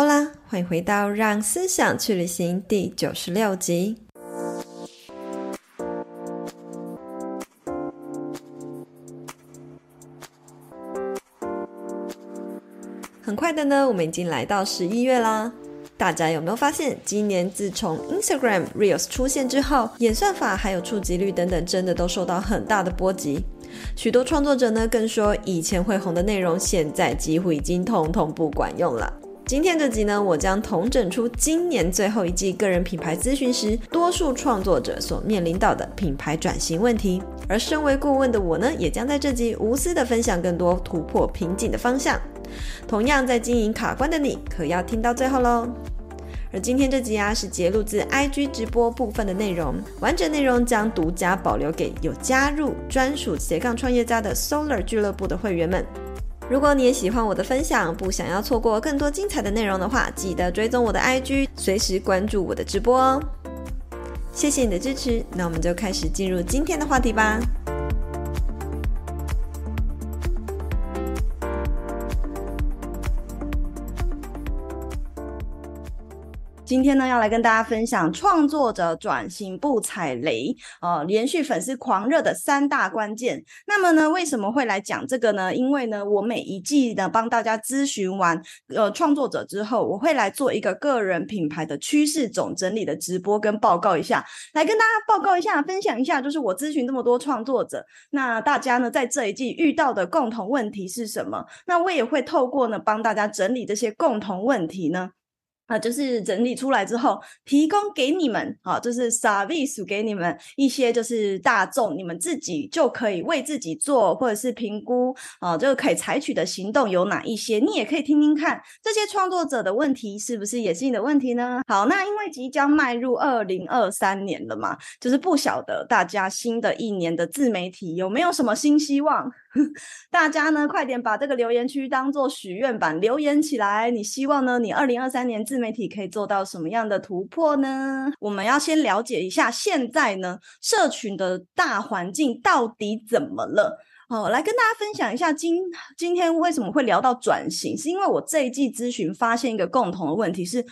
好啦，歡迎回到《讓思想去旅行》第九十六集。很快的呢，我們已經來到十一月啦。大家有沒有發現，今年自從 Instagram Reels 出現之後，演算法還有觸及率等等，真的都受到很大的波及。許多創作者呢，更說以前會紅的內容，現在幾乎已經通通不管用了。今天這集呢，我將統整出今年最後一季個人品牌諮詢時，多數創作者所面臨到的品牌轉型問題，而身為顧問的我呢，也將在這集無私地分享更多突破瓶頸的方向。同樣在經營卡關的你，可要聽到最後嘍。而今天這集啊，是節錄自 IG 直播部分的內容，完整內容將獨家保留給有加入專屬斜槓創業家的 SOLER 俱樂部的會員們。如果你也喜歡我的分享，不想要錯過更多精彩的內容的話，記得追蹤我的 IG，隨時關注我的直播哦。謝謝你的支持，那我們就開始進入今天的話題吧。今天呢，要來跟大家分享創作者轉型不踩雷，呃，連續粉絲狂熱的三大關鍵。那麼呢，為什麼會來講這個呢？因為呢，我每一季呢，幫大家諮詢完，呃，創作者之後，我會來做一個個人品牌的趨勢總整理的直播跟報告一下，來跟大家報告一下，分享一下，就是我諮詢這麼多創作者，那大家呢，在這一季遇到的共同問題是什麼？那我也會透過呢，幫大家整理這些共同問題呢。啊，就是整理出來之後，提供給你們，啊，就是 service 給你們一些，就是大眾，你們自己就可以為自己做，或者是評估，啊，就可以採取的行動有哪一些？你也可以聽聽看，這些創作者的問題是不是也是你的問題呢？好，那因為即將邁入二零二三年了嘛，就是不曉得大家新的一年的自媒體有沒有什麼新希望？大家呢，快點把這個留言區當做許願板留言起來。你希望呢，你二零二三年自媒體可以做到什麼樣的突破呢？我們要先了解一下，現在呢，社群的大環境到底怎麼了？好，哦，來跟大家分享一下今，今今天為什麼會聊到轉型，是因為我這一季諮詢發現一個共同的問題是。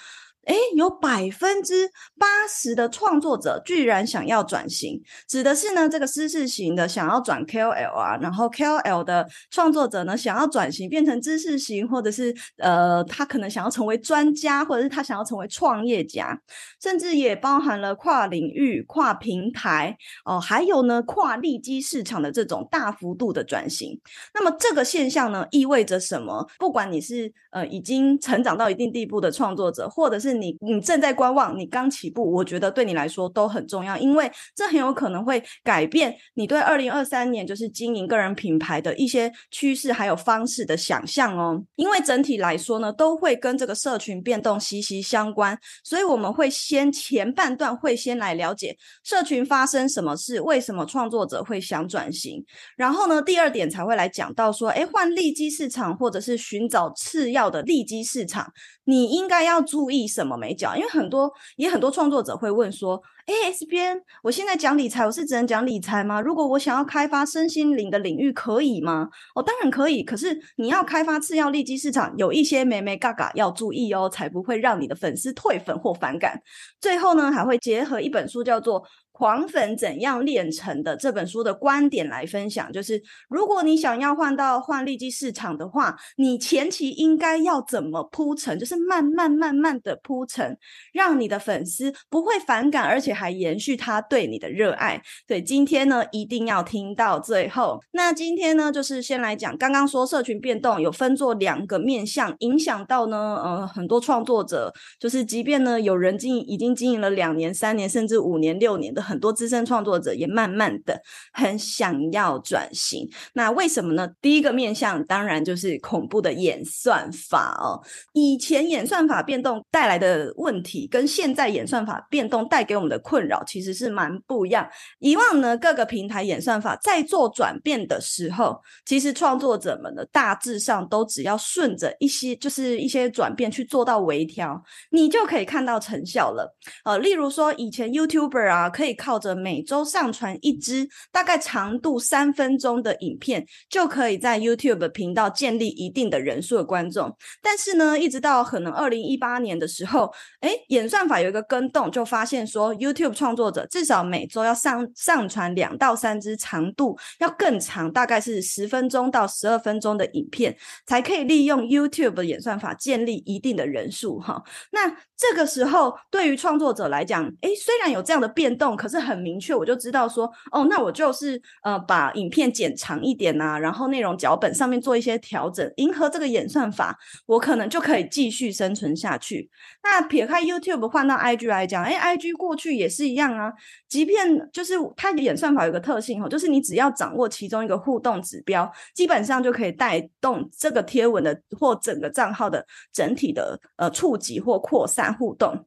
誒，有百分之八十的創作者居然想要轉型，指的是呢，這個知識型的想要轉 KOL 啊，然後 KOL 的創作者呢，想要轉型變成知識型，或者是呃，他可能想要成為專家，或者是他想要成為創業家，甚至也包含了跨領域、跨平台哦，呃，還有呢，跨利基市場的這種大幅度的轉型。那麼這個現象呢，意味着什麼？不管你是呃已經成長到一定地步的創作者，或者是你你正在觀望，你剛起步，我覺得對你來說都很重要，因為這很有可能會改變你對二零二三年就是經營個人品牌的一些趨勢還有方式的想象哦。因為整體來說呢，都會跟這個社群變動息息相關，所以我們會先前半段會先來了解社群發生什麼事，為什麼創作者會想轉型，然後呢，第二點才會來講到說，誒，換利基市場，或者是尋找次要的利基市場。你應該要注意什麼眉角？因為很多也很多創作者會問說，誒 S 編，SBN，我現在講理財，我是只能講理財嗎？如果我想要開發身心靈的領域，可以嗎？哦，當然可以。可是你要開發次要利基市場，有一些眉眉角角要注意哦，才不會讓你的粉絲退粉或反感。最後呢，還會結合一本書，叫做。狂粉怎樣煉成的這本書的觀點來分享。就是如果你想要換到換利基市場的話，你前期應該要怎麼鋪陳？就是慢慢慢慢的鋪陳，讓你的粉絲不會反感，而且還延續他對你的熱愛。所以今天呢，一定要聽到最後。那今天呢，就是先來講，剛剛說社群變動有分作兩個面向，影響到呢，呃，很多創作者，就是即便呢有人經已經經營了兩年、三年，甚至五年、六年的。很多資深創作者也慢慢的很想要轉型，那為什麼呢？第一個面向當然就是恐怖的演算法哦。以前演算法變動帶來的問題，跟現在演算法變動帶給我們的困擾其實是蠻不一樣。以往呢，各個平台演算法在做轉變的時候，其實創作者們呢大致上都只要順着一些就是一些轉變去做到微調，你就可以看到成效了。呃，例如說以前 YouTuber 啊可以。靠着每周上傳一支大概長度三分鐘的影片，就可以在 YouTube 頻道建立一定的人數的觀眾。但是呢，一直到可能二零一八年的時候，哎，演算法有一個更動，就發現說 YouTube 創作者至少每周要上上傳兩到三支長度要更長，大概是十分鐘到十二分鐘的影片，才可以利用 YouTube 演算法建立一定的人數。哈、哦，那。這個時候，對於創作者來講，誒，雖然有這樣的變動，可是很明確，我就知道說，哦，那我就是呃，把影片剪長一點吶啊，然後內容腳本上面做一些調整，迎合這個演算法，我可能就可以繼續生存下去。那撇開 YouTube，換到 IG 來講，誒，IG 過去也是一樣啊。即便就是它演算法有個特性哈，就是你只要掌握其中一個互動指標，基本上就可以帶動這個貼文的或整個賬號的整體的呃觸及或擴散，互動。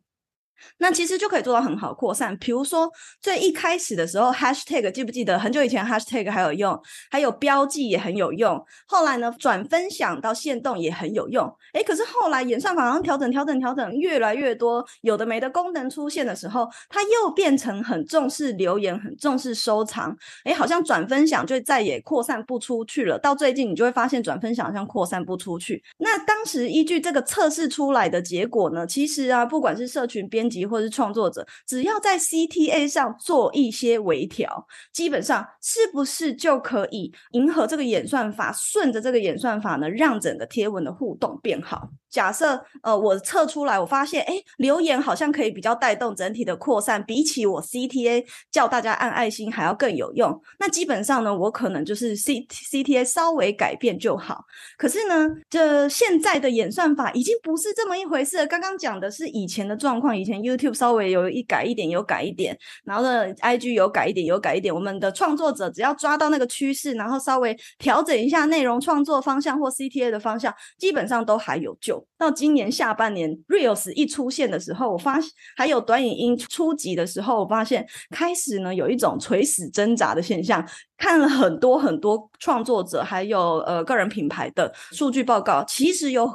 那其實就可以做到很好的擴散。比如說最一開始的時候，#hashtag 記不記得很久以前 #hashtag 還有用，還有標記也很有用。後來呢，轉分享到限動也很有用。誒，可是後來演算法好像調整、調整、調整，越來越多有的沒的功能出現的時候，它又變成很重視留言，很重視收藏。誒，好像轉分享就再也擴散不出去了。到最近你就會發現轉分享好像擴散不出去。那當時依據這個測試出來的結果呢，其實啊，不管是社群編輯。級或者是創作者，只要在 CTA 上做一些微調，基本上是不是就可以迎合這個演算法，順着這個演算法呢，讓整個貼文的互動變好。假設呃，我測出來，我發現哎，留言好像可以比較帶動整體的擴散，比起我 CTA 叫大家按愛心還要更有用。那基本上呢，我可能就是 C CTA 稍微改變就好。可是呢，這現在的演算法已經不是這麼一回事了。剛剛講的是以前的狀況，以前 YouTube 稍微有一改一點，有改一點，然後呢，IG 有改一點，有改一點。我們的創作者只要抓到那個趨勢，然後稍微調整一下內容創作方向或 CTA 的方向，基本上都還有救。到今年下半年，Reels 一出現的時候，我發現還有短影音，初級的時候，我發現開始呢有一種垂死掙扎的現象。看了很多很多創作者還有呃個人品牌的數據報告，其實有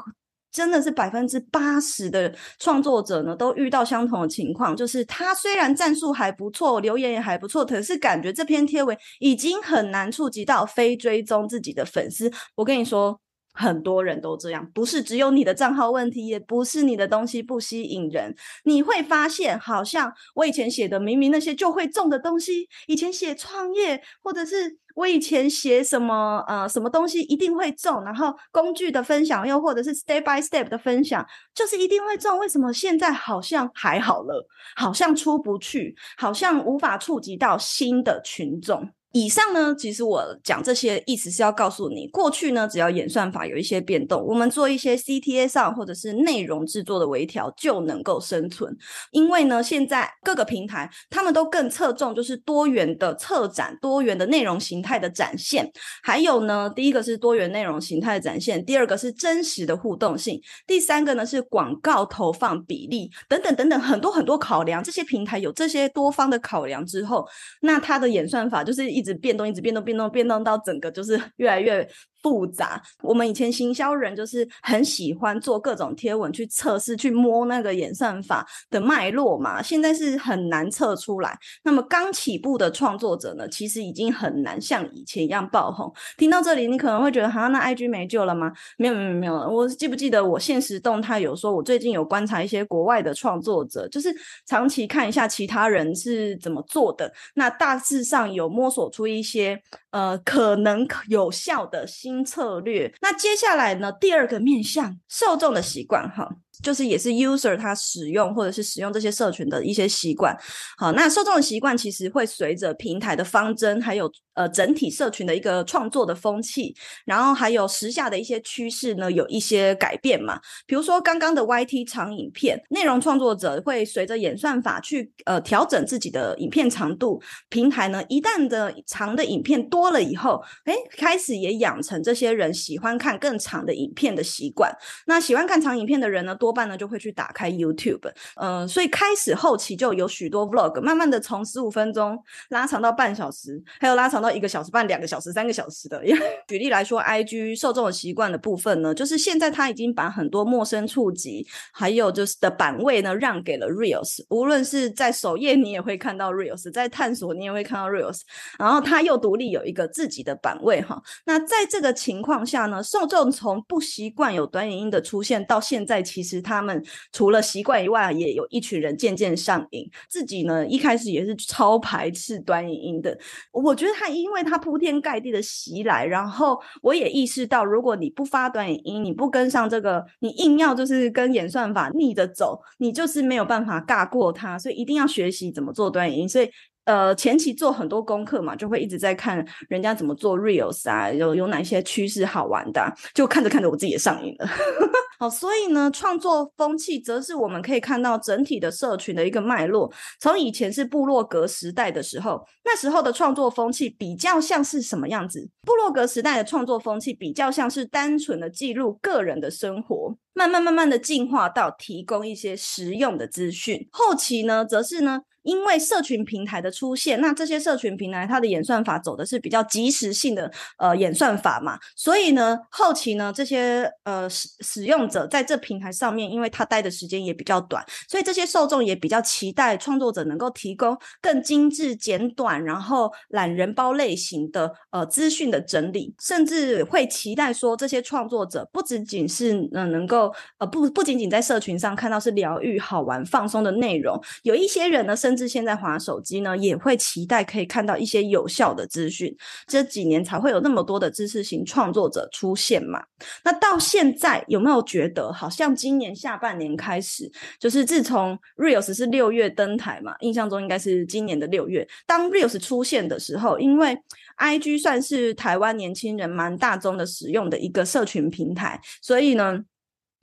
真的是百分之八十的創作者呢都遇到相同的情況，就是他雖然讚數還不錯，留言也還不錯，可是感覺這篇貼文已經很難觸及到非追蹤自己的粉絲。我跟你說。很多人都這樣，不是只有你的賬號問題，也不是你的東西不吸引人。你會發現，好像我以前寫的明明那些就會中的東西，以前寫創業，或者是我以前寫什麼呃什麼東西一定會中，然後工具的分享又，又或者是 step by step 的分享，就是一定會中。為什麼現在好像還好了，好像出不去，好像無法觸及到新的群眾？以上呢，其實我講這些意思是要告訴你，過去呢，只要演算法有一些變動，我們做一些 CTA 上或者是內容制作的微調就能夠生存。因為呢，現在各個平台他們都更側重就是多元的策展、多元的內容形態的展現。還有呢，第一個是多元內容形態的展現，第二個是真實的互動性，第三個呢是廣告投放比例等等等等很多很多考量。這些平台有這些多方的考量之後，那它的演算法就是一。一直變動，一直變動，變動，變動到整個就是越來越。複雜，我們以前行銷人就是很喜歡做各種貼文去測試，去摸那個演算法的脈絡嘛。現在是很難測出來。那麼剛起步的創作者呢，其實已經很難像以前一樣爆紅。聽到這裡，你可能會覺得，哈、啊，那 IG 沒救了嗎？沒有，沒有，沒有。我記不記得我限時動態有說，我最近有觀察一些國外的創作者，就是長期看一下其他人是怎麼做的。那大致上有摸索出一些呃，可能有效的新。策略。那接下來呢，第二個面向，受眾的習慣，哈。就是也是 user 他使用或者是使用這些社群的一些習慣，好，那受眾的習慣其實會隨着平台的方針，還有呃整體社群的一個創作的風氣，然後還有時下的一些趨勢呢，有一些改變嘛。比如說剛剛的 YT 長影片，內容創作者會隨着演算法去呃調整自己的影片長度，平台呢一旦的長的影片多了以後，誒，開始也養成這些人喜歡看更長的影片的習慣。那喜歡看長影片的人呢，多半呢就會去打開 YouTube，嗯、呃，所以開始後期就有許多 Vlog，慢慢的從十五分鐘拉長到半小時，還有拉長到一個小時半、兩個小時、三個小時的。因為舉例來說，IG 受眾的習慣的部分呢，就是現在他已經把很多陌生觸及，還有就是的版位呢讓給了 Reels，無論是在首頁你也會看到 Reels，在探索你也會看到 Reels，然後他又獨立有一個自己的版位哈。那在這個情況下呢，受眾從不習慣有短影音的出現到現在其實。是他們除了習慣以外，也有一群人漸漸上癮。自己呢，一開始也是超排斥短影音的。我覺得他，因為他鋪天蓋地的襲來，然後我也意識到，如果你不發短影音，你不跟上這個，你硬要就是跟演算法逆着走，你就是沒有辦法尬過他。所以一定要學習怎麼做短影音。所以。呃，前期做很多功課嘛，就會一直在看人家怎麼做 Reels 啊，有有哪些趨勢好玩的啊，就看着看着，我自己也上癮了。 好，所以呢，創作風氣則是我們可以看到整體的社群的一個脈絡。從以前是部落格時代的時候，那時候的創作風氣比較像是什麼樣子？部落格時代的創作風氣比較像是單純的記錄個人的生活。慢慢慢慢的進化到提供一些實用的資訊，後期呢，則是呢，因為社群平台的出現，那這些社群平台它的演算法走的是比較即時性的，呃，演算法嘛，所以呢，後期呢，這些呃使使用者在這平台上面，因為他待的時間也比較短，所以這些受眾也比較期待創作者能夠提供更精緻、簡短，然後懶人包類型的呃資訊的整理，甚至會期待說，這些創作者不僅僅是嗯、呃、能夠呃，不不僅僅在社群上看到是療癒、好玩、放鬆的內容，有一些人呢，甚至現在滑手機呢，也會期待可以看到一些有效的資訊。這幾年才會有那麼多的知識型創作者出現嘛。那到現在有沒有覺得，好像今年下半年開始，就是自從 Reels 是六月登台嘛？印象中應該是今年的六月，當 Reels 出現的時候，因為 IG 算是台灣年輕人蠻大眾的使用的一個社群平台，所以呢，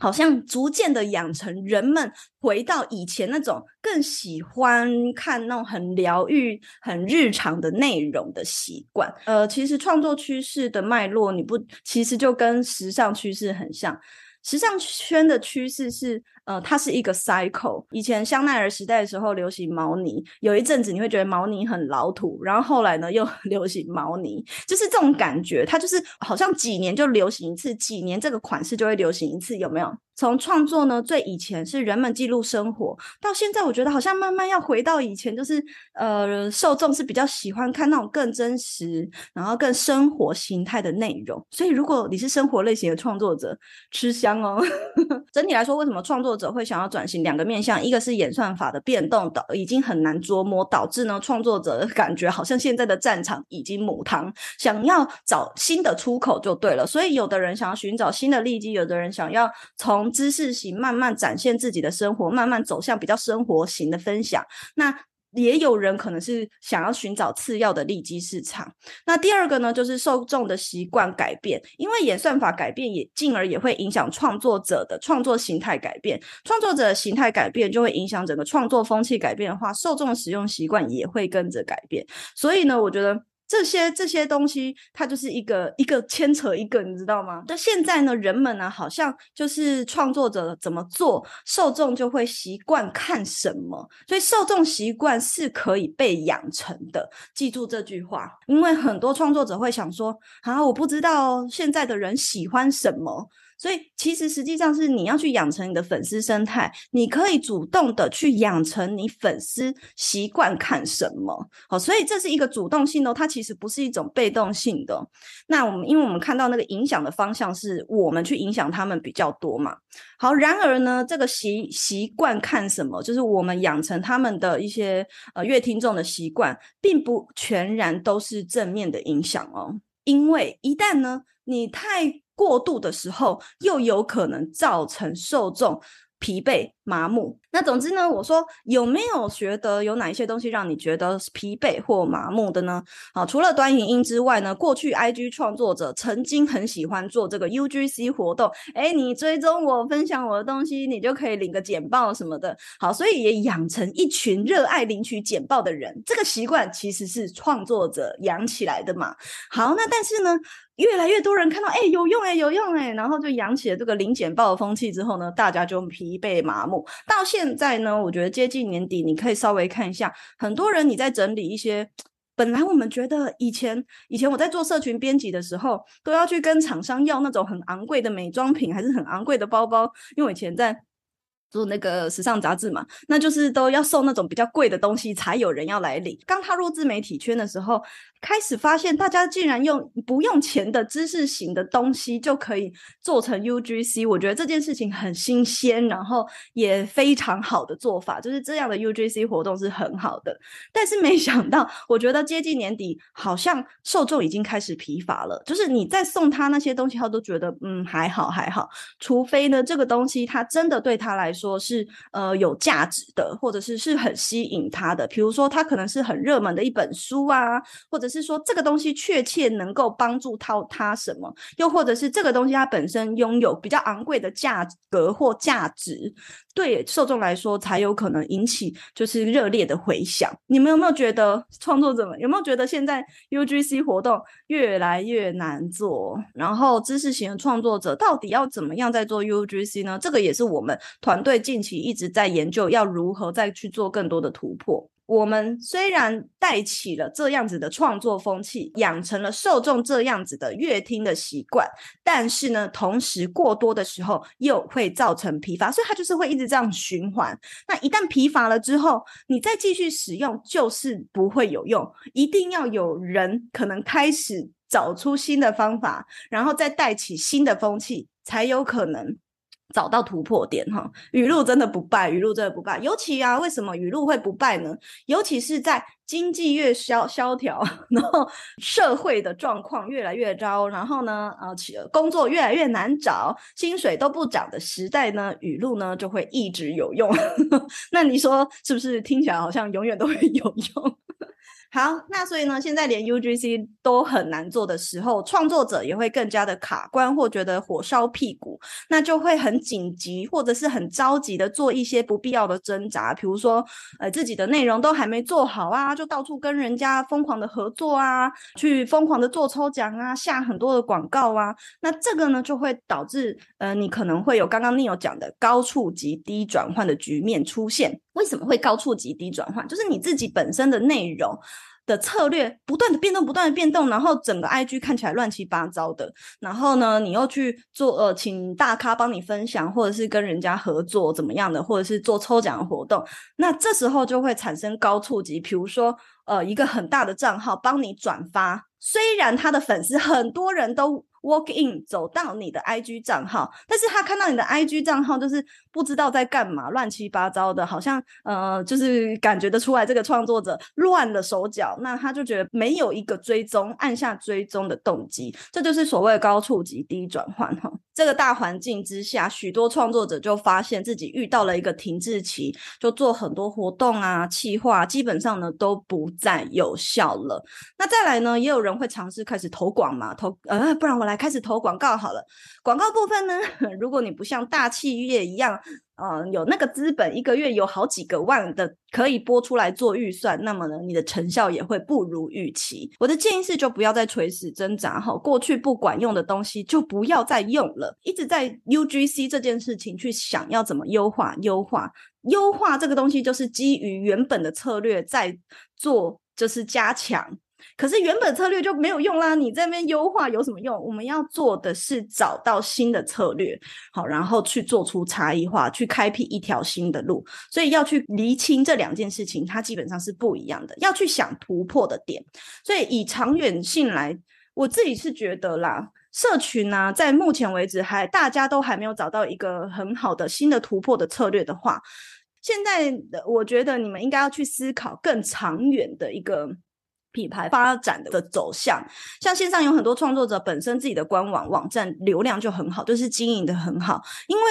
好像逐漸的養成人們回到以前那種更喜歡看那種很療癒、很日常的內容的習慣。呃，其實創作趨勢的脈絡，你不其實就跟時尚趨勢很像。時尚圈的趨勢是。呃，它是一個 cycle。以前香奈兒時代的時候流行毛呢，有一陣子你會覺得毛呢很老土，然後後來呢又流行毛呢，就是這種感覺。它就是好像幾年就流行一次，幾年這個款式就會流行一次，有沒有？從創作呢，最以前是人們記錄生活，到現在我覺得好像慢慢要回到以前，就是呃，受眾是比較喜歡看那種更真實，然後更生活形態的內容。所以如果你是生活類型的創作者，吃香哦。 整體來說，為什麼創作？作者會想要轉型兩個面向，一個是演算法的變動，導已經很難捉摸，導致呢創作者感覺好像現在的戰場已經母堂，想要找新的出口就對了。所以有的人想要尋找新的利基，有的人想要從知識型慢慢展現自己的生活，慢慢走向比較生活型的分享。那。也有人可能是想要尋找次要的利基市場。那第二個呢，就是受眾的習慣改變，因為演算法改變也，也進而也會影響創作者的創作形態改變。創作者形態改變，就會影響整個創作風氣改變的話，受眾的使用習慣也會跟着改變。所以呢，我覺得。這些這些東西，它就是一個一個牽扯一個，你知道嗎？那現在呢，人們呢、啊，好像就是創作者怎麼做，受眾就會習慣看什麼，所以受眾習慣是可以被養成的。記住這句話，因為很多創作者會想說：啊，我不知道現在的人喜歡什麼。所以其實實際上是你要去養成你的粉絲生態，你可以主動的去養成你粉絲習慣看什麼，好，所以這是一個主動性哦，它其實不是一種被動性的。那我們因為我們看到那個影響的方向是我們去影響他們比較多嘛，好，然而呢，這個習習慣看什麼，就是我們養成他們的一些呃閱聽眾的習慣，並不全然都是正面的影響哦，因為一旦呢你太。過度的時候，又有可能造成受眾疲憊麻木。那總之呢，我說有沒有覺得有哪一些東西讓你覺得疲憊或麻木的呢？好，除了短影音之外呢，過去 IG 創作者曾經很喜歡做這個 UGC 活動，哎，你追蹤我，分享我的東西，你就可以領個簡報什麼的。好，所以也養成一群熱愛領取簡報的人。這個習慣其實是創作者養起來的嘛。好，那但是呢，越來越多人看到，誒、欸、有用誒、欸、有用誒、欸、然後就揚起了這個零簡報的風氣之後呢，大家就疲憊麻木。到現在呢，我覺得接近年底，你可以稍微看一下，很多人你在整理一些，本來我們覺得以前以前我在做社群編輯的時候，都要去跟廠商要那種很昂貴的美妝品，還是很昂貴的包包，因為我以前在。做那個時尚雜誌嘛，那就是都要送那種比較貴的東西才有人要來領。剛踏入自媒體圈的時候，開始發現大家竟然用不用錢的知識型的東西就可以做成 UGC，我覺得這件事情很新鮮，然後也非常好的做法，就是這樣的 UGC 活動是很好的。但是沒想到，我覺得接近年底，好像受眾已經開始疲乏了，就是你再送他那些東西，他都覺得嗯還好還好，除非呢這個東西他真的對他來說。說是呃有價值的，或者是是很吸引他的，比如說他可能是很熱門的一本書啊，或者是說這個東西確切能夠幫助到他什麼，又或者是這個東西它本身擁有比較昂貴的價格或價值，對受眾來說才有可能引起就是熱烈的回響。你們有沒有覺得創作者們有沒有覺得現在 UGC 活動越來越難做？然後知識型的創作者到底要怎麼樣在做 UGC 呢？這個也是我們團隊。最近期一直在研究要如何再去做更多的突破。我們雖然帶起了這樣子的創作風氣，養成了受眾這樣子的閱聽的習慣，但是呢，同時過多的時候又會造成疲乏，所以它就是會一直這樣循環。那一旦疲乏了之後，你再繼續使用就是不會有用。一定要有人可能開始找出新的方法，然後再帶起新的風氣，才有可能。找到突破點哈，語錄真的不敗，語錄真的不敗。尤其啊，為什麼語錄會不敗呢？尤其是在經濟越蕭蕭條，然後社會的狀況越來越糟，然後呢，呃，工作越來越難找，薪水都不漲的時代呢，語錄呢就會一直有用。 那你說是不是聽起來好像永遠都會有用？好，那所以呢，現在連 UGC 都很難做的時候，創作者也會更加的卡關或覺得火燒屁股，那就會很緊急或者是很着急的做一些不必要的掙扎，比如說，呃，自己的內容都還沒做好啊，就到處跟人家瘋狂的合作啊，去瘋狂的做抽獎啊，下很多的廣告啊，那這個呢就會導致，呃，你可能會有剛剛 Neil 講的高觸及低轉換的局面出現。為什麼會高觸及低轉換？就是你自己本身的內容的策略不斷的變動，不斷的變動，然後整個 IG 看起來亂七八糟的。然後呢，你又去做呃，請大咖幫你分享，或者是跟人家合作怎麼樣的，或者是做抽獎活動。那這時候就會產生高觸及，比如說呃，一個很大的賬號幫你轉發，雖然他的粉絲很多人都 walk in 走到你的 IG 賬號，但是他看到你的 IG 賬號就是。不知道在幹嘛，亂七八糟的，好像呃，就是感覺得出來這個創作者亂了手腳。那他就覺得沒有一個追蹤按下追蹤的動機，這就是所謂的高觸及低轉換哈、哦。這個大環境之下，許多創作者就發現自己遇到了一個停滯期，就做很多活動啊、企劃，基本上呢都不再有效了。那再來呢，也有人會嘗試開始投廣嘛，投呃，不然我來開始投廣告好了。廣告部分呢，如果你不像大企業一樣，嗯、呃，有那個資本，一個月有好幾個萬的可以撥出來做預算，那麼呢，你的成效也會不如預期。我的建議是，就不要再垂死掙扎，哈，過去不管用的東西就不要再用了，一直在 UGC 這件事情去想要怎麼優化、優化、優化這個東西，就是基於原本的策略在做，就是加強。可是原本策略就沒有用啦，你這邊優化有什麼用？我們要做的是找到新的策略，好，然後去做出差異化，去開闢一條新的路。所以要去釐清這兩件事情，它基本上是不一樣的。要去想突破的點，所以以長遠性來，我自己是覺得啦，社群呢、啊，在目前為止還大家都還沒有找到一個很好的新的突破的策略的話，現在的我覺得你們應該要去思考更長遠的一個。品牌發展的走向，像線上有很多創作者本身自己的官網網站流量就很好，就是經營的很好，因為。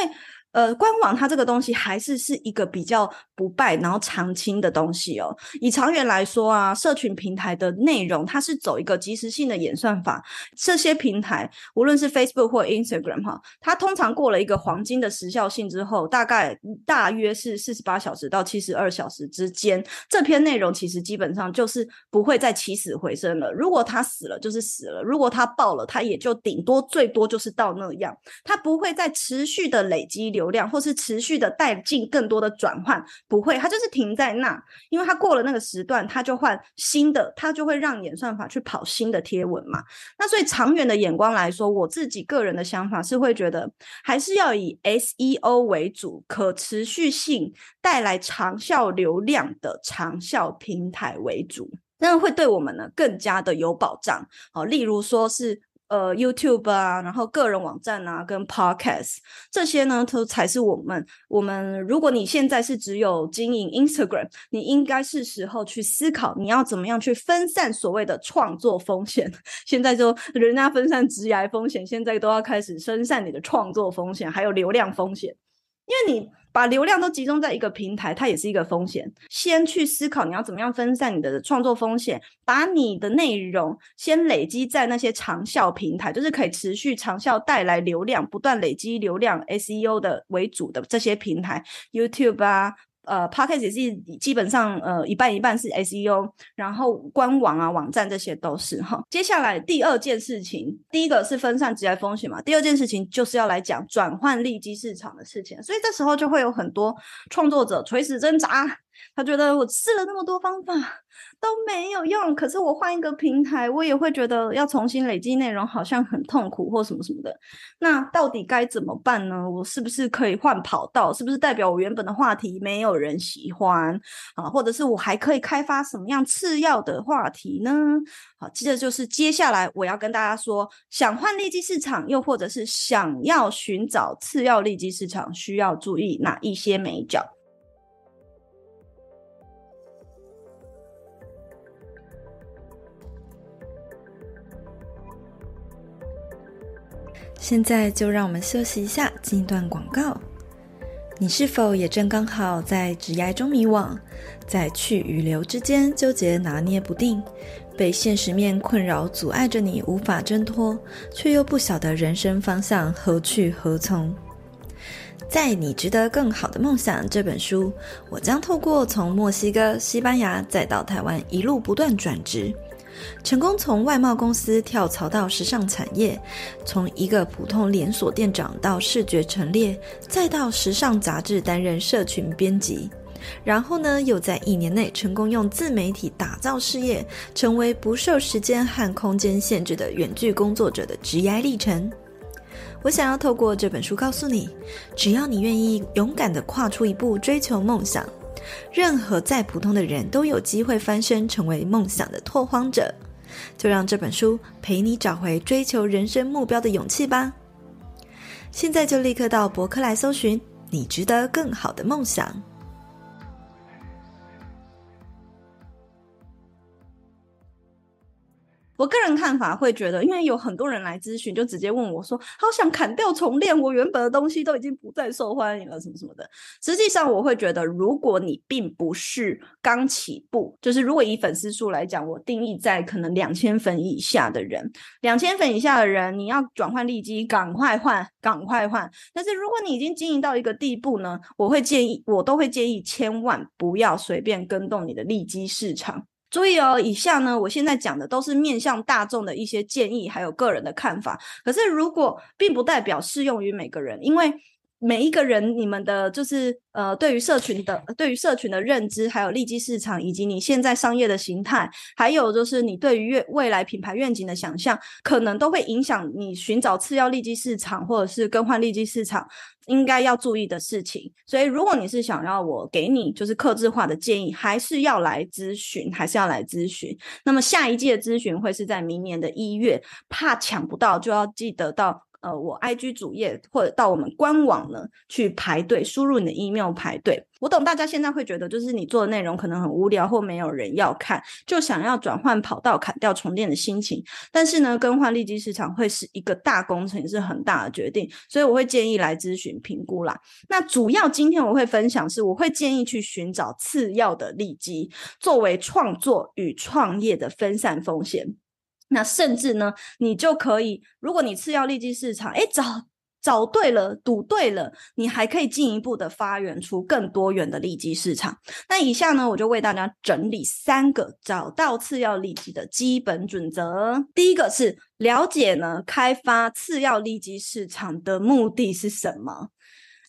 呃，官網它這個東西還是是一個比較不敗然後常青的東西哦。以長遠來說啊，社群平台的內容它是走一個即時性的演算法，這些平台無論是 Facebook 或 Instagram 哈，它通常過了一個黃金的時效性之後，大概大約是四十八小時到七十二小時之間，這篇內容其實基本上就是不會再起死回生了。如果它死了，就是死了；如果它爆了，它也就頂多最多就是到那樣，它不會再持續的累積流。流量或是持續的帶進更多的轉換，不會，它就是停在那，因為它過了那個時段，它就換新的，它就會讓演算法去跑新的貼文嘛。那所以長遠的眼光來說，我自己個人的想法是會覺得，還是要以 SEO 為主，可持續性帶來長效流量的長效平台為主，那會對我們呢更加的有保障。好，哦，例如說是。呃，YouTube 啊，然後個人網站啊，跟 Podcast 這些呢，都才是我們我們。如果你現在是只有經營 Instagram，你應該是時候去思考你要怎麼樣去分散所謂的創作風險。現在就人家分散職涯風險，現在都要開始分散你的創作風險，還有流量風險，因為你。把流量都集中在一個平台，它也是一個風險。先去思考你要怎麼樣分散你的創作風險，把你的內容先累積在那些長效平台，就是可以持續長效帶來流量、不斷累積流量、SEO 的為主的這些平台，YouTube 啊。呃 Podcast 也是基本上呃一半一半是 SEO，然後官網啊網站這些都是哈。接下來第二件事情，第一個是分散職業風險嘛，第二件事情就是要來講轉換利基市場的事情，所以這時候就會有很多創作者垂死掙扎，他覺得我試了那麼多方法。都沒有用，可是我換一個平台，我也會覺得要重新累積內容好像很痛苦或什麼什麼的。那到底該怎麼辦呢？我是不是可以換跑道？是不是代表我原本的話題沒有人喜歡啊？或者是我還可以開發什麼樣次要的話題呢？好、啊，接着就是接下來我要跟大家說，想換利基市場，又或者是想要尋找次要利基市場，需要注意哪一些眉角？現在就讓我們休息一下，進一段廣告。你是否也正剛好在職涯中迷惘，在去與留之間糾結拿捏不定，被現實面困擾阻礙着你無法掙脫，卻又不曉得人生方向何去何從？在《你值得更好的夢想》這本書，我將透過從墨西哥、西班牙再到台灣，一路不斷轉職。成功從外貿公司跳槽到時尚產業，從一個普通連鎖店長到視覺陳列，再到時尚雜誌擔任社群編輯，然後呢，又在一年內成功用自媒體打造事業，成為不受時間和空間限制的遠距工作者的職涯歷程。我想要透過這本書告訴你，只要你願意勇敢地跨出一步，追求夢想。任何再普通的人都有機會翻身成為夢想的拓荒者，就讓這本書陪你找回追求人生目標的勇氣吧。現在就立刻到博客來搜尋你值得更好的夢想。我個人看法會覺得，因為有很多人來諮詢，就直接問我說：“好想砍掉重練，我原本的東西都已經不再受歡迎了，什麼什麼的。”實際上，我會覺得，如果你並不是剛起步，就是如果以粉絲數來講，我定義在可能兩千粉以下的人，兩千粉以下的人，你要轉換利基，趕快換，趕快換。但是，如果你已經經營到一個地步呢，我會建議，我都會建議，千萬不要隨便更動你的利基市場。注意哦，以下呢，我現在講的都是面向大眾的一些建議，還有個人的看法。可是，如果並不代表適用於每個人，因為每一個人，你們的就是呃，對於社群的，對於社群的認知，還有利基市場，以及你現在商業的形態，還有就是你對於未來品牌願景的想象，可能都會影響你尋找次要利基市場，或者是更換利基市場，應該要注意的事情，所以如果你是想要我給你就是客製化的建議，還是要來諮詢，還是要來諮詢。那麼下一屆諮詢會是在明年的一月，怕搶不到就要記得到，呃，我 IG 主頁或者到我們官網呢去排隊，輸入你的 email 排隊。我懂大家現在會覺得，就是你做的內容可能很無聊，或沒有人要看，就想要轉換跑道、砍掉重練的心情。但是呢，更換利基市場會是一個大工程，也是很大的決定，所以我會建議來諮詢評估啦。那主要今天我會分享是，我會建議去尋找次要的利基，作為創作與創業的分散風險。那甚至呢，你就可以，如果你次要利基市場，哎，找找對了，賭對了，你還可以進一步的發源出更多元的利基市場。那以下呢，我就為大家整理三個找到次要利基的基本準則。第一個是了解呢，開發次要利基市場的目的是什麼？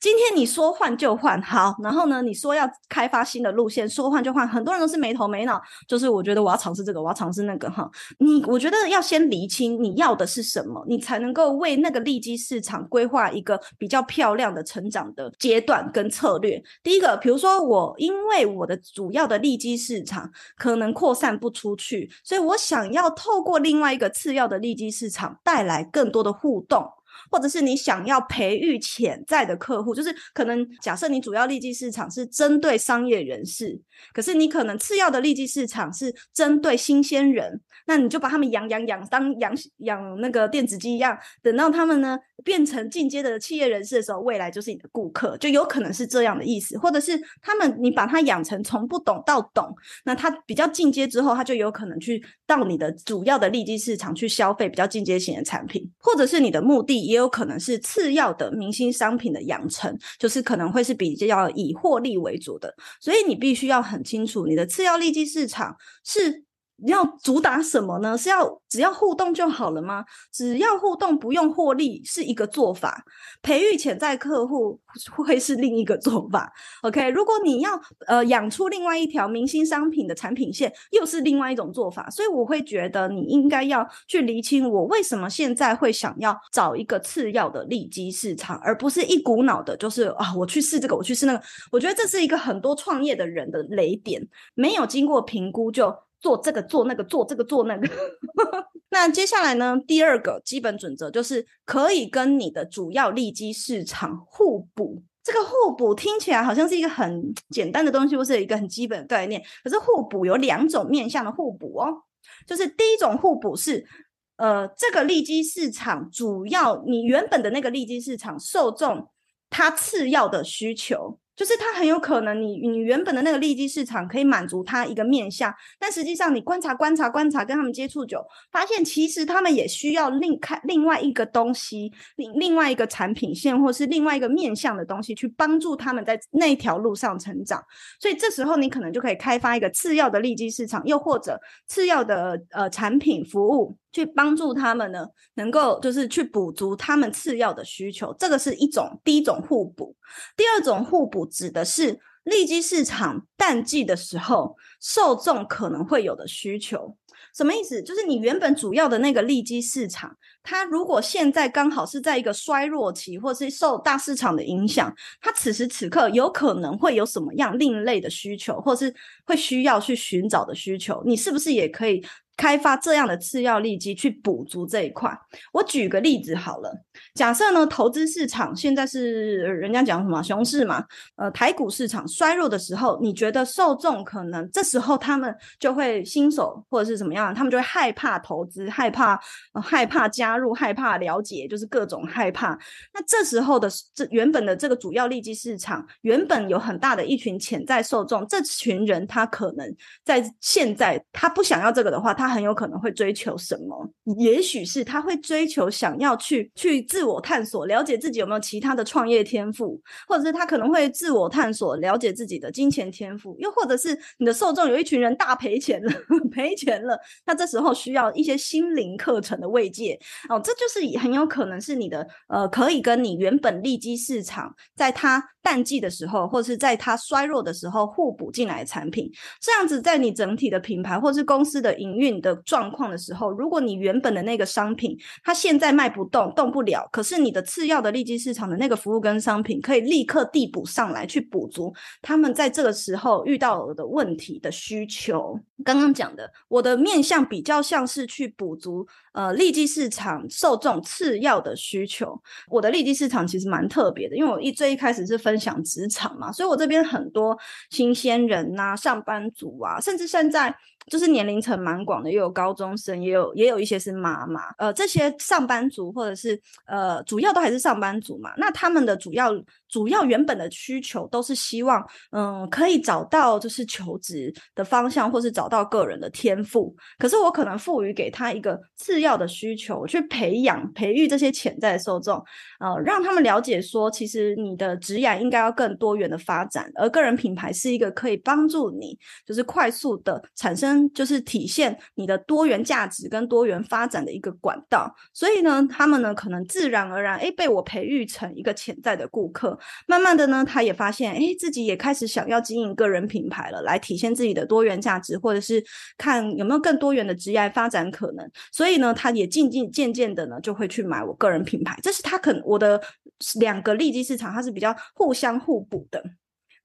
今天你說換就換，好，然後呢？你說要開發新的路線，說換就換。很多人都是沒頭沒腦，就是我覺得我要嘗試這個，我要嘗試那個哈。你我覺得要先釐清你要的是什麼，你才能夠為那個利基市場規劃一個比較漂亮的成長的階段跟策略。第一個，比如說我，因為我的主要的利基市場可能擴散不出去，所以我想要透過另外一個次要的利基市場帶來更多的互動。或者是你想要培育潛在的客戶，就是可能假設你主要利基市場是針對商業人士，可是你可能次要的利基市場是針對新鮮人，那你就把他們養養養，當養養那個電子雞一樣，等到他們呢變成進階的企業人士的時候，未來就是你的顧客，就有可能是這樣的意思，或者是他們你把他養成從不懂到懂，那他比較進階之後，他就有可能去到你的主要的利基市場去消費比較進階型的產品，或者是你的目的也有。有可能是次要的明星商品的養成，就是可能會是比較以獲利為主的，所以你必須要很清楚你的次要利基市場是。你要主打什麼呢？是要只要互動就好了嗎？只要互動不用獲利是一個做法，培育潛在客戶會是另一個做法。OK，如果你要呃養出另外一條明星商品的產品線，又是另外一種做法。所以我會覺得你應該要去釐清，我為什麼現在會想要找一個次要的利基市場，而不是一股腦的就是啊我去試這個，我去試那個。我覺得這是一個很多創業的人的雷點，沒有經過評估就。做這個做那個做這個做那個，這個那個、 那接下來呢？第二個基本準則就是可以跟你的主要利基市場互補。這個互補聽起來好像是一個很簡單的東西，或是一個很基本的概念。可是互補有兩種面向的互補哦，就是第一種互補是，呃，這個利基市場主要你原本的那個利基市場受眾，它次要的需求。就是他很有可能你，你你原本的那個利基市場可以滿足他一個面向，但實際上你觀察觀察觀察，跟他們接觸久，發現其實他們也需要另開另外一個東西，另另外一個產品線，或是另外一個面向的東西，去幫助他們在那條路上成長。所以這時候你可能就可以開發一個次要的利基市場，又或者次要的呃產品服務。去幫助他們呢，能夠就是去補足他們次要的需求，這個是一種，第一種互補。第二種互補指的是利基市場淡季的時候，受眾可能會有的需求。什麼意思？就是你原本主要的那個利基市場，它如果現在剛好是在一個衰弱期，或是受大市場的影響，它此時此刻有可能會有什麼樣另類的需求，或是會需要去尋找的需求，你是不是也可以？開發這樣的次要利基，去補足這一塊。我舉個例子好了，假設呢，投資市場現在是人家講什麼熊市嘛，呃，台股市場衰弱的時候，你覺得受眾可能這時候他們就會新手或者是怎麼樣，他們就會害怕投資，害怕、呃、害怕加入，害怕了解，就是各種害怕。那這時候的這原本的這個主要利基市場原本有很大的一群潛在受眾，這群人他可能在現在他不想要這個的話，他他很有可能會追求什麼？也許是他會追求想要去去自我探索，了解自己有沒有其他的創業天賦，或者是他可能會自我探索，了解自己的金錢天賦，又或者是你的受眾有一群人大賠錢了，賠錢了，那這時候需要一些心靈課程的慰藉哦，這就是很有可能是你的呃，可以跟你原本利基市場在它淡季的時候，或者是在它衰弱的時候互補進來的產品，這樣子在你整體的品牌或是公司的營運。你的狀況的時候，如果你原本的那個商品它現在賣不動、動不了，可是你的次要的利基市場的那個服務跟商品可以立刻遞補上來，去補足他們在這個時候遇到的問題的需求。剛剛講的，我的面向比較像是去補足呃利基市場受眾次要的需求。我的利基市場其實蠻特別的，因為我一最一開始是分享職場嘛，所以我這邊很多新鮮人吶、啊、上班族啊，甚至現在。就是年齡層蠻廣的，也有高中生，也有也有一些是媽媽。呃，這些上班族或者是呃，主要都還是上班族嘛。那他們的主要主要原本的需求都是希望，嗯、呃，可以找到就是求職的方向，或是找到個人的天賦。可是我可能賦予給他一個次要的需求，去培養培育這些潛在受眾，呃，讓他們了解說，其實你的職業應該要更多元的發展，而個人品牌是一個可以幫助你，就是快速的產生。就是體現你的多元價值跟多元發展的一個管道，所以呢，他們呢可能自然而然，哎，被我培育成一個潛在的顧客。慢慢的呢，他也發現，哎，自己也開始想要經營個人品牌了，來體現自己的多元價值，或者是看有沒有更多元的職業發展可能。所以呢，他也漸漸漸漸的呢，就會去買我個人品牌。這是他可能我的兩個利基市場，它是比較互相互補的。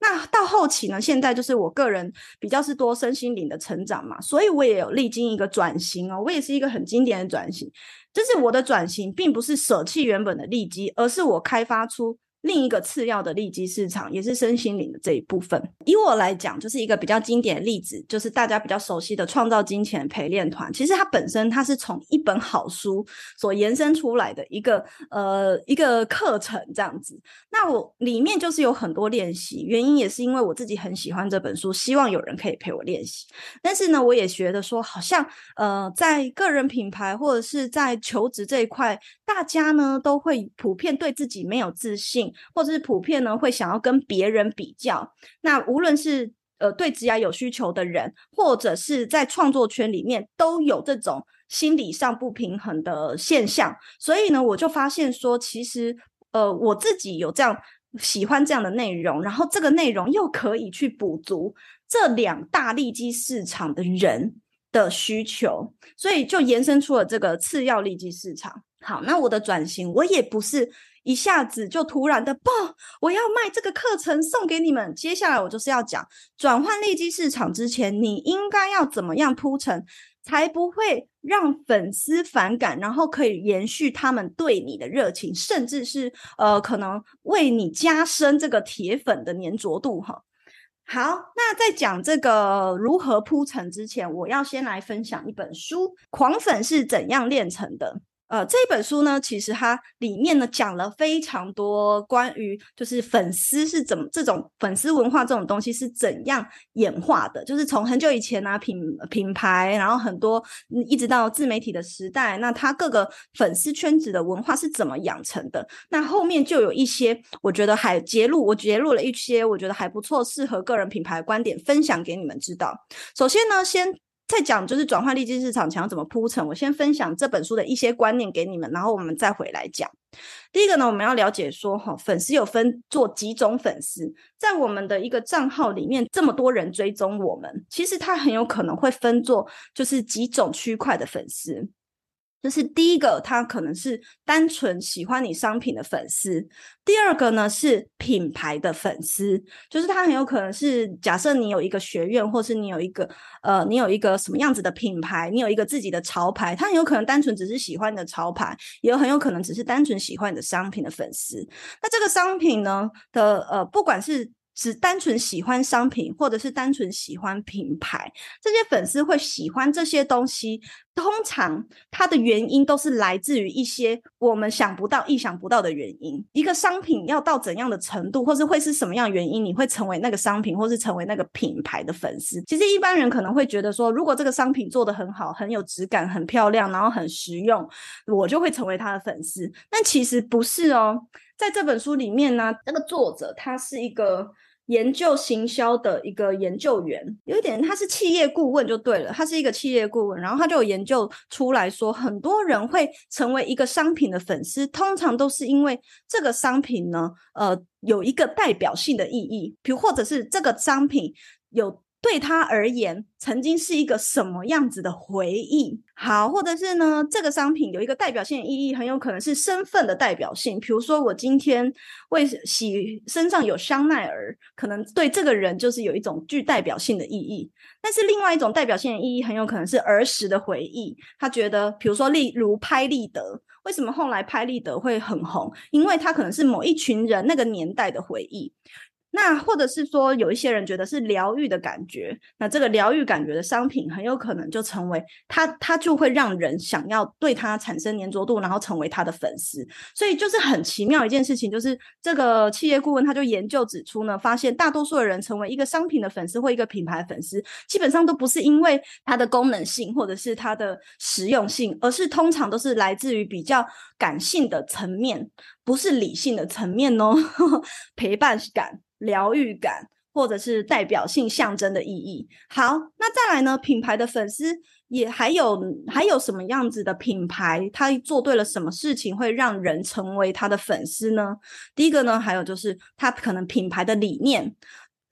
那到後期呢，現在就是我個人比較是多身心靈的成長嘛，所以我也有歷經一個轉型哦。我也是一個很經典的轉型，就是我的轉型，並不是捨棄原本的利基，而是我開發出。另一個次要的利基市場，也是身心靈的這一部分。以我來講，就是一個比較經典的例子，就是大家比較熟悉的創造金錢陪練團。其實它本身它是從一本好書所延伸出來的一個呃，一個課程這樣子。那我裡面就是有很多練習，原因也是因為我自己很喜歡這本書，希望有人可以陪我練習。但是呢，我也覺得說，好像呃，在個人品牌或者是在求職這一塊，大家呢都會普遍對自己沒有自信。或者是普遍呢，會想要跟別人比較。那無論是呃對職涯有需求的人，或者是在創作圈裡面，都有這種心理上不平衡的現象。所以呢，我就發現說，其實呃我自己有這樣喜歡這樣的內容，然後這個內容又可以去補足這兩大利基市場的人的需求，所以就延伸出了這個次要利基市場。好，那我的轉型，我也不是。一下子就突然的爆，我要賣這個課程送給你們。接下來我就是要講轉換利基市場之前，你應該要怎麼樣鋪陳，才不會讓粉絲反感，然後可以延續他們對你的熱情，甚至是呃，可能為你加深這個鐵粉的粘着度。哈，好，那在講這個如何鋪陳之前，我要先來分享一本書《狂粉是怎樣煉成的》。呃，這本書呢，其實它裡面呢，講了非常多關於就是粉絲是怎麼這種粉絲文化這種東西是怎樣演化的，就是從很久以前啊品品牌，然後很多一直到自媒體的時代，那它各個粉絲圈子的文化是怎麼養成的？那後面就有一些我覺得還節錄，我節錄了一些我覺得還不錯適合個人品牌的觀點分享給你們知道。首先呢，先。再講就是轉換利基市場想要怎麼鋪陳，我先分享這本書的一些觀念給你們，然後我們再回來講。第一個呢，我們要了解說，哈，粉絲有分做幾種粉絲，在我們的一個賬號裡面，這麼多人追蹤我們，其實它很有可能會分做就是幾種區塊的粉絲。就是第一個，他可能是單純喜歡你商品的粉絲；第二個呢，是品牌的粉絲。就是他很有可能是假設你有一個學院，或是你有一個呃，你有一個什麼樣子的品牌，你有一個自己的潮牌，他很有可能單純只是喜歡你的潮牌，也有很有可能只是單純喜歡你的商品的粉絲。那這個商品呢的呃，不管是只單純喜歡商品，或者是單純喜歡品牌，這些粉絲會喜歡這些東西。通常，它的原因都是來自於一些我們想不到、意想不到的原因。一個商品要到怎樣的程度，或是會是什麼樣的原因，你會成為那個商品，或是成為那個品牌的粉絲？其實一般人可能會覺得說，如果這個商品做得很好，很有質感，很漂亮，然後很實用，我就會成為他的粉絲。但其實不是哦，在這本書裡面呢、啊，那個作者他是一個。研究行銷的一個研究員，有一點他是企業顧問就對了，他是一個企業顧問，然後他就有研究出來說，很多人會成為一個商品的粉絲，通常都是因為這個商品呢，呃，有一個代表性的意義，比如或者是這個商品有。對他而言，曾經是一個什麼樣子的回憶？好，或者是呢，這個商品有一個代表性的意義，很有可能是身份的代表性。比如說，我今天為洗身上有香奈兒，可能對這個人就是有一種具代表性的意義。但是，另外一種代表性的意義，很有可能是兒時的回憶。他覺得，比如說，例如拍立得，為什麼後來拍立得會很紅？因為它可能是某一群人那個年代的回憶。那或者是說，有一些人覺得是療癒的感覺，那這個療癒感覺的商品，很有可能就成為它，它就會讓人想要對它產生黏着度，然後成為它的粉絲。所以就是很奇妙一件事情，就是這個企業顧問他就研究指出呢，發現大多數的人成為一個商品的粉絲或一個品牌粉絲，基本上都不是因為它的功能性或者是它的實用性，而是通常都是來自於比較感性的層面。不是理性的層面哦，呵呵，陪伴感、療癒感，或者是代表性象徵的意義。好，那再來呢？品牌的粉絲也還有還有什麼樣子的品牌？他做對了什麼事情會讓人成為他的粉絲呢？第一個呢，還有就是他可能品牌的理念。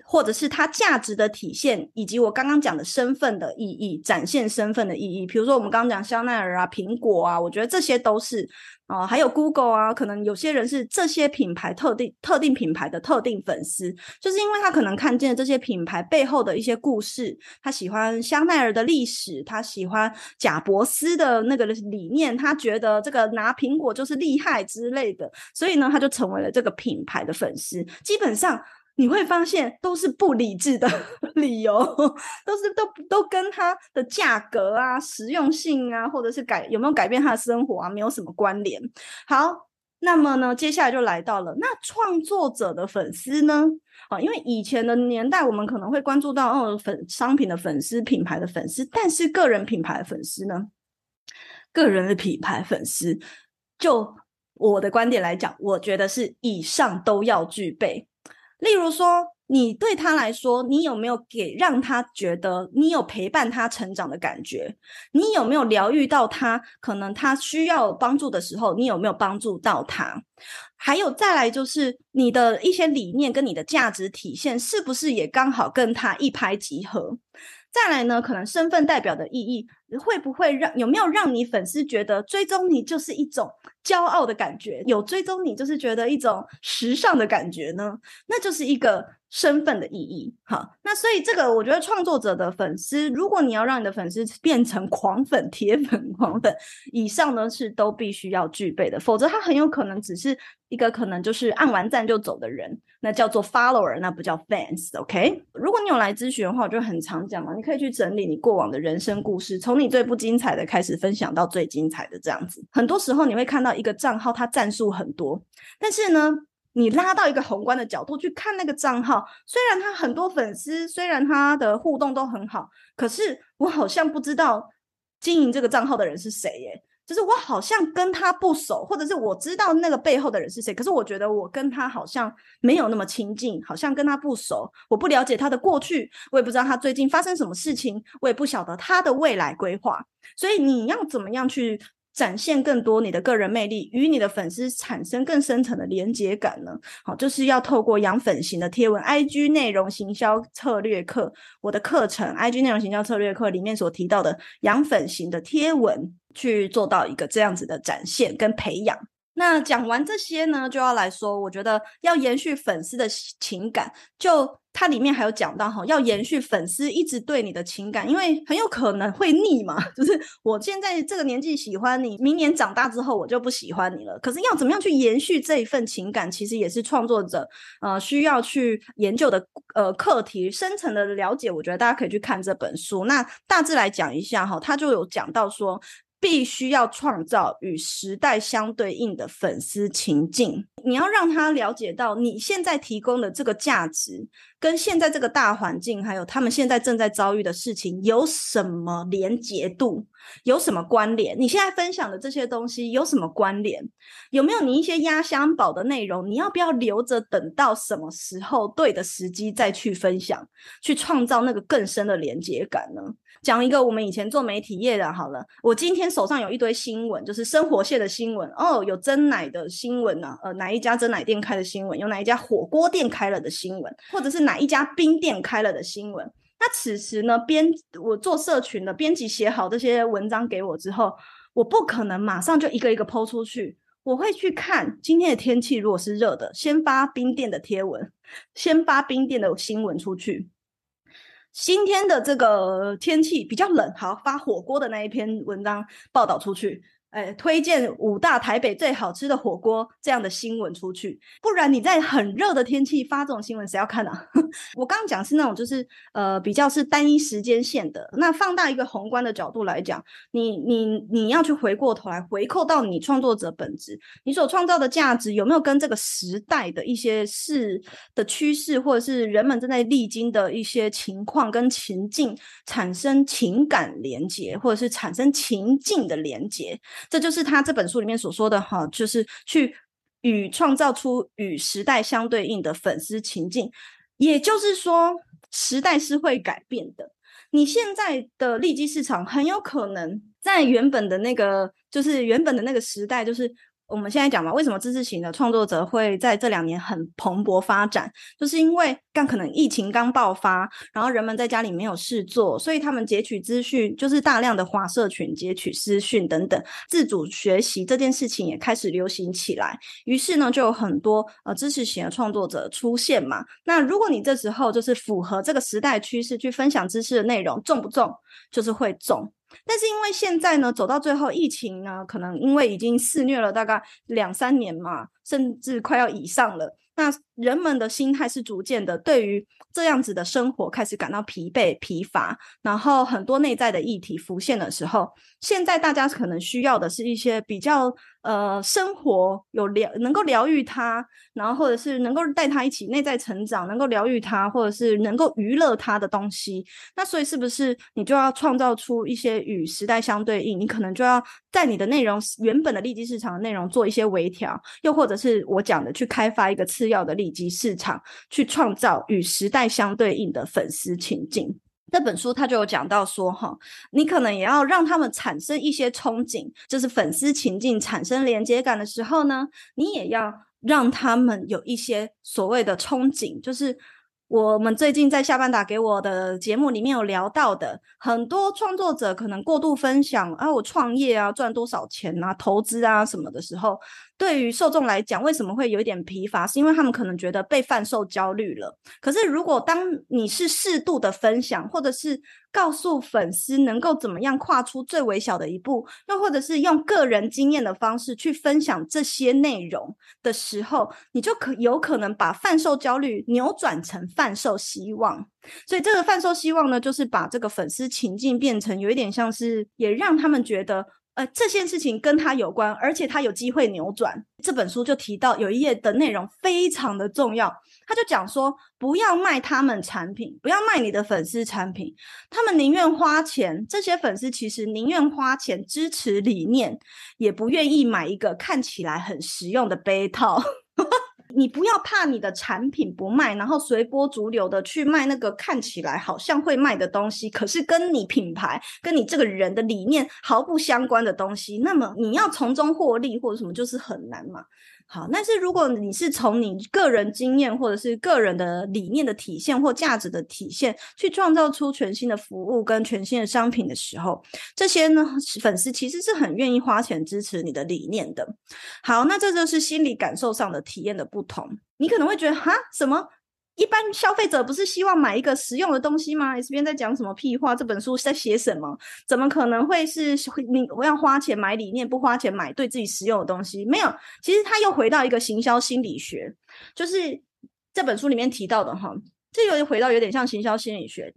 或者是它價值的體現，以及我剛剛講的身份的意義，展現身份的意義。比如說，我們剛剛講香奈兒啊、蘋果啊，我覺得這些都是啊、呃，還有 Google 啊，可能有些人是這些品牌特定特定品牌的特定粉絲，就是因為他可能看見這些品牌背後的一些故事，他喜歡香奈兒的歷史，他喜歡賈伯斯的那個理念，他覺得這個拿蘋果就是厲害之類的，所以呢，他就成為了這個品牌的粉絲。基本上。你會發現都是不理智的理由，都是都都跟它的價格啊、實用性啊，或者是改有沒有改變他的生活啊，沒有什麼關聯。好，那麼呢，接下來就來到了，那創作者的粉絲呢？啊，因為以前的年代，我們可能會關注到哦，粉商品的粉絲、品牌的粉絲，但是個人品牌的粉絲呢？個人的品牌的粉絲，就我的觀點來講，我覺得是以上都要具備。例如說，你對他來說，你有沒有給讓他覺得你有陪伴他成長的感覺？你有沒有療癒到他？可能他需要幫助的時候，你有沒有幫助到他？還有再來就是你的一些理念跟你的價值體現，是不是也剛好跟他一拍即合？再來呢，可能身份代表的意義會不會讓有沒有讓你粉絲覺得追蹤你就是一種驕傲的感覺？有追蹤你就是覺得一種時尚的感覺呢？那就是一個。身份的意義，好，那所以這個我覺得創作者的粉絲，如果你要讓你的粉絲變成狂粉、鐵粉、狂粉以上呢，是都必須要具備的，否則他很有可能只是一個可能就是按完讚就走的人，那叫做 follower，那不叫 fans，OK？如果你有來諮詢的話，我就很常講嘛，你可以去整理你過往的人生故事，從你最不精彩的開始分享到最精彩的這樣子。很多時候你會看到一個賬號，它讚數很多，但是呢，你拉到一個宏觀的角度去看那個賬號，雖然他很多粉絲，雖然他的互動都很好，可是我好像不知道經營這個賬號的人是誰耶。就是我好像跟他不熟，或者是我知道那個背後的人是誰，可是我覺得我跟他好像沒有那麼親近，好像跟他不熟。我不了解他的過去，我也不知道他最近發生什麼事情，我也不曉得他的未來規劃。所以你要怎麼樣去展現更多你的個人魅力，與你的粉絲產生更深層的連結感呢？好，就是要透過養粉型的貼文，IG 內容行銷策略課，我的課程 IG 內容行銷策略課裡面所提到的養粉型的貼文，去做到一個這樣子的展現跟培養。那講完這些呢，就要來說，我覺得要延續粉絲的情感，就。它裡面還有講到哈，要延續粉絲一直對你的情感，因為很有可能會膩嘛，就是我現在這個年紀喜歡你，明年長大之後我就不喜歡你了。可是要怎麼樣去延續這一份情感，其實也是創作者呃需要去研究的呃課題，深層的了解。我覺得大家可以去看這本書。那大致來講一下哈，它就有講到說，必須要創造與時代相對應的粉絲情境，你要讓他了解到你現在提供的這個價值。跟現在這個大環境，還有他們現在正在遭遇的事情有什麼連結度？有什麼關聯？你現在分享的這些東西有什麼關聯？有沒有你一些壓箱寶的內容？你要不要留着，等到什麼時候對的時機再去分享，去創造那個更深的連結感呢？講一個我們以前做媒體業的，好了，我今天手上有一堆新聞，就是生活線的新聞哦，有珍奶的新聞呢、啊？呃，哪一家珍奶店開的新聞？有哪一家火鍋店開了的新聞？或者是哪？一家冰店開了的新聞，那此時呢，編我做社群的編輯寫，寫好這些文章給我之後，我不可能馬上就一個一個 Po 出去，我會去看今天的天氣，如果是熱的，先發冰店的貼文，先發冰店的新聞出去。今天的這個天氣比較冷，好，發火鍋的那一篇文章報道出去。誒、哎，推薦五大台北最好吃的火鍋，這樣的新聞出去，不然你在很熱的天氣發這種新聞，誰要看啊？ 我剛剛講是那種，就是呃比較是單一時間線的。那放大一個宏觀的角度來講，你你你要去回過頭來回扣到你創作者本質，你所創造的價值有沒有跟這個時代的一些事的趨勢，或者是人們正在歷經的一些情況跟情境產生情感連結，或者是產生情境的連接？這就是他這本書裡面所說的哈，就是去與創造出與時代相對應的粉絲情境。也就是說，時代是會改變的。你現在的利基市場很有可能在原本的那個，就是原本的那個時代，就是。我們現在講嘛，為什麼知識型的創作者會在這兩年很蓬勃發展？就是因為剛可能疫情剛爆發，然後人們在家裡沒有事做，所以他們截取資訊，就是大量的滑社群截取資訊等等，自主學習這件事情也開始流行起來。於是呢，就有很多呃知識型的創作者出現嘛。那如果你這時候就是符合這個時代趨勢去分享知識的內容，重不重？就是會重。但是因為現在呢，走到最後，疫情呢，可能因為已經肆虐了大概兩三年嘛，甚至快要以上了，那。人們的心態是逐漸的，對於這樣子的生活開始感到疲憊、疲乏，然後很多內在的議題浮現的時候，現在大家可能需要的是一些比較呃，生活有療能夠療癒他，然後或者是能夠帶他一起內在成長，能夠療癒他，或者是能夠娛樂他的東西。那所以是不是你就要創造出一些與時代相對應？你可能就要在你的內容原本的利基市場的內容做一些微調，又或者是我講的去開發一個次要的利基市場。以及市場去創造與時代相對應的粉絲情境。這本書他就有講到說，哈，你可能也要讓他們產生一些憧憬，就是粉絲情境產生連接感的時候呢，你也要讓他們有一些所謂的憧憬。就是我們最近在下班打給我的節目裡面有聊到的，很多創作者可能過度分享啊，我創業啊，賺多少錢啊，投資啊什麼的時候。對於受眾來講，為什麼會有一點疲乏？是因為他們可能覺得被販售焦慮了。可是，如果當你是適度的分享，或者是告訴粉絲能夠怎麼樣跨出最微小的一步，又或者是用個人經驗的方式去分享這些內容的時候，你就可有可能把販售焦慮扭轉成販售希望。所以，這個販售希望呢，就是把這個粉絲情境變成有一點像是，也讓他們覺得。呃，這件事情跟他有關，而且他有機會扭轉。這本書就提到有一頁的內容非常的重要，他就講說，不要賣他們產品，不要賣你的粉絲產品，他們寧願花錢，這些粉絲其實寧願花錢支持理念，也不願意買一個看起來很實用的杯套。 你不要怕你的產品不賣，然後隨波逐流的去賣那個看起來好像會賣的東西，可是跟你品牌、跟你這個人的理念毫不相關的東西，那麼你要從中獲利或者什麼，就是很難嘛。好，但是如果你是從你個人經驗或者是個人的理念的體現或價值的體現，去創造出全新的服務跟全新的商品的時候，這些呢，粉絲其實是很願意花錢支持你的理念的。好，那這就是心理感受上的體驗的不同，你可能會覺得，哈，什麼？一般消費者不是希望買一個實用的東西嗎？你這邊在講什麼屁話？這本書在寫什麼？怎麼可能會是你我要花錢買理念，不花錢買對自己實用的東西？沒有，其實他又回到一個行銷心理學，就是這本書裡面提到的哈，這個又回到有點像行銷心理學。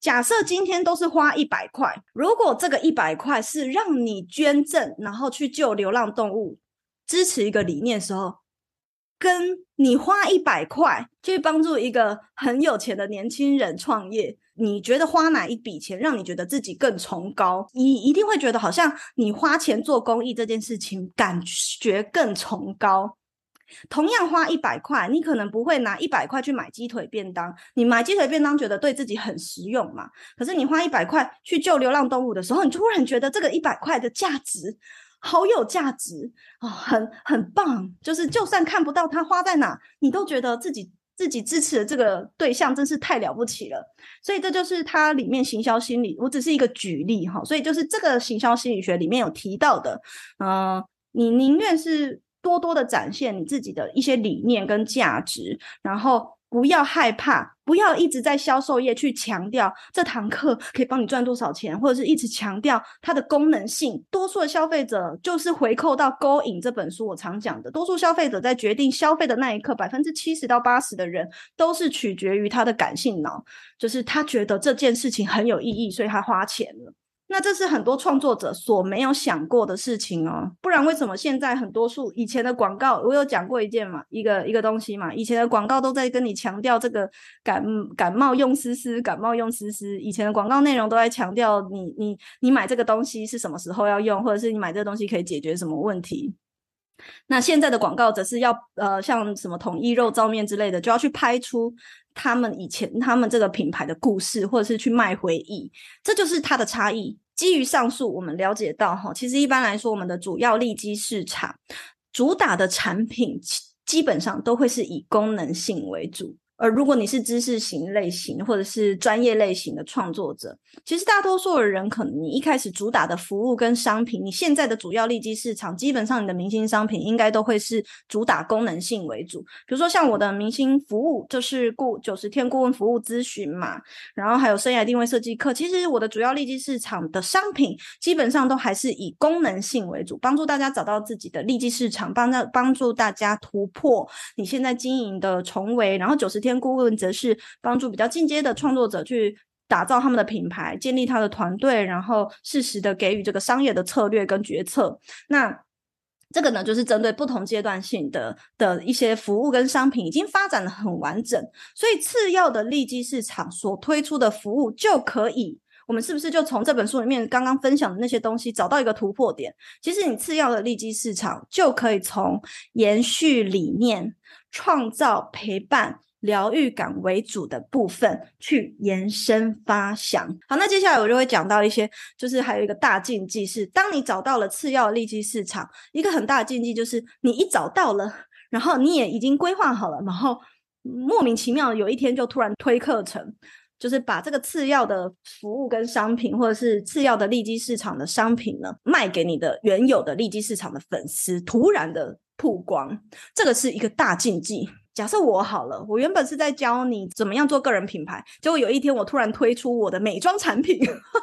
假設今天都是花一百塊，如果這個一百塊是讓你捐贈，然後去救流浪動物，支持一個理念的時候。跟你花一百塊去幫助一個很有錢的年輕人創業，你覺得花哪一筆錢讓你覺得自己更崇高？你一定會覺得好像你花錢做公益這件事情感覺更崇高。同樣花一百塊，你可能不會拿一百塊去買雞腿便當。你買雞腿便當覺得對自己很實用嘛。可是你花一百塊去救流浪動物的時候，你突然覺得這個一百塊的價值。好有價值哦，很很棒，就是就算看不到他花在哪，你都覺得自己自己支持的這個對象真是太了不起了。所以這就是它裡面行銷心理，我只是一個舉例哈。所以就是這個行銷心理學裡面有提到的，嗯，你寧願是多多的展現你自己的一些理念跟價值，然後不要害怕。不要一直在銷售業去強調這堂課可以幫你賺多少錢，或者是一直強調它的功能性。多數的消費者就是回扣到勾引這本書。我常講的，多數消費者在決定消費的那一刻，百分之七十到八十的人都是取決於他的感性腦，就是他覺得這件事情很有意義，所以他花錢了。那這是很多創作者所沒有想過的事情哦，不然為什麼現在很多數以前的廣告，我有講過一件嘛，一個一個東西嘛，以前的廣告都在跟你強調這個感感冒用斯斯，感冒用斯斯，以前的廣告內容都在強調你你你買這個東西是什麼時候要用，或者是你買這個東西可以解決什麼問題。那現在的廣告則是要呃，像什麼統一肉燥麵之類的，就要去拍出。他們以前，他們這個品牌的故事，或者是去賣回憶，這就是它的差異。基於上述，我們了解到哈，其實一般來說，我們的主要利基市場主打的產品，基本上都會是以功能性為主。呃，如果你是知識型類型或者是專業類型的創作者，其實大多數的人，可能你一開始主打的服務跟商品，你現在的主要利基市場，基本上你的明星商品應該都會是主打功能性為主。比如說像我的明星服務就是顧九十天顧問服務諮詢嘛，然後還有生涯定位設計課。其實我的主要利基市場的商品，基本上都還是以功能性為主，幫助大家找到自己的利基市場，幫大幫助大家突破你現在經營的重圍，然後九十。天顧問則是幫助比較進階的創作者去打造他們的品牌，建立他的團隊，然後適時的給予這個商業的策略跟決策。那這個呢，就是針對不同階段性的的一些服務跟商品已經發展的很完整，所以次要的利基市場所推出的服務就可以，我們是不是就從這本書裡面剛剛分享的那些東西找到一個突破點？其實你次要的利基市場就可以從延續理念、創造陪伴。療癒感為主的部分去延伸發想。好，那接下來我就會講到一些，就是還有一個大禁忌是，當你找到了次要的利基市場，一個很大的禁忌就是，你一找到了，然後你也已經規劃好了，然後莫名其妙有一天就突然推課程，就是把這個次要的服務跟商品，或者是次要的利基市場的商品呢，賣給你的原有的利基市場的粉絲，突然的曝光，這個是一個大禁忌。假設我好了，我原本是在教你怎麼樣做個人品牌，結果有一天我突然推出我的美妝產品，呵呵，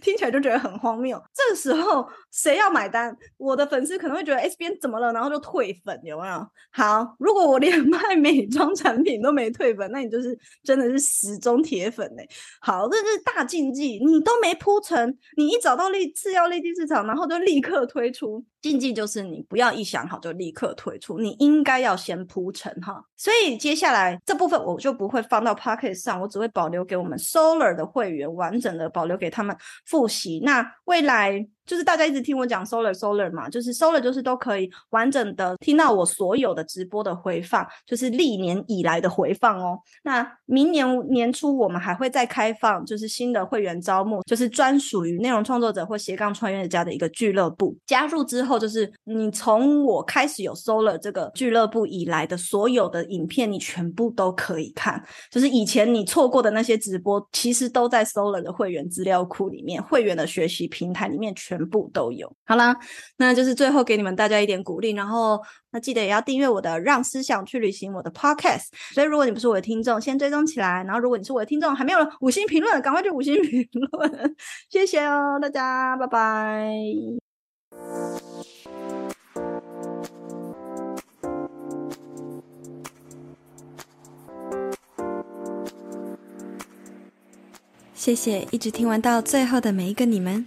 聽起來就覺得很荒謬。這個、時候誰要買單？我的粉絲可能會覺得 S 編怎麼了，然後就退粉，有沒有？好，如果我連賣美妝產品都沒退粉，那你就是真的是死忠鐵粉嘞、欸。好，這是大禁忌，你都沒鋪成，你一找到利，次要利基市場，然後就立刻推出。禁忌就是你不要一想好就立刻退出，你應該要先鋪陳。哈。所以接下來這部分我就不會放到 Podcast 上，我只會保留給我們 SOLER 的會員，完整的保留給他們復習。那未來。就是大家一直聽我講 SOLER SOLER 嘛，就是 SOLER 就是都可以完整的聽到我所有的直播的回放，就是歷年以來的回放哦。那明年年初我們還會再開放，就是新的會員招募，就是專屬於內容創作者或斜槓創業家的一個俱樂部。加入之後，就是你從我開始有 SOLER 這個俱樂部以來的所有的影片，你全部都可以看。就是以前你錯過的那些直播，其實都在 SOLER 的會員資料庫裡面，會員的學習平台裡面全。全部都有。好啦，那就是最後給你們大家一點鼓勵，然後那記得也要訂閱我的《讓思想去旅行》我的 Podcast。所以，如果你不是我的聽眾，先追蹤起來；然後，如果你是我的聽眾，還沒有五星評論，趕快去五星評論。 謝謝哦，大家，拜拜。謝謝，一直聽完到最後的每一個你們。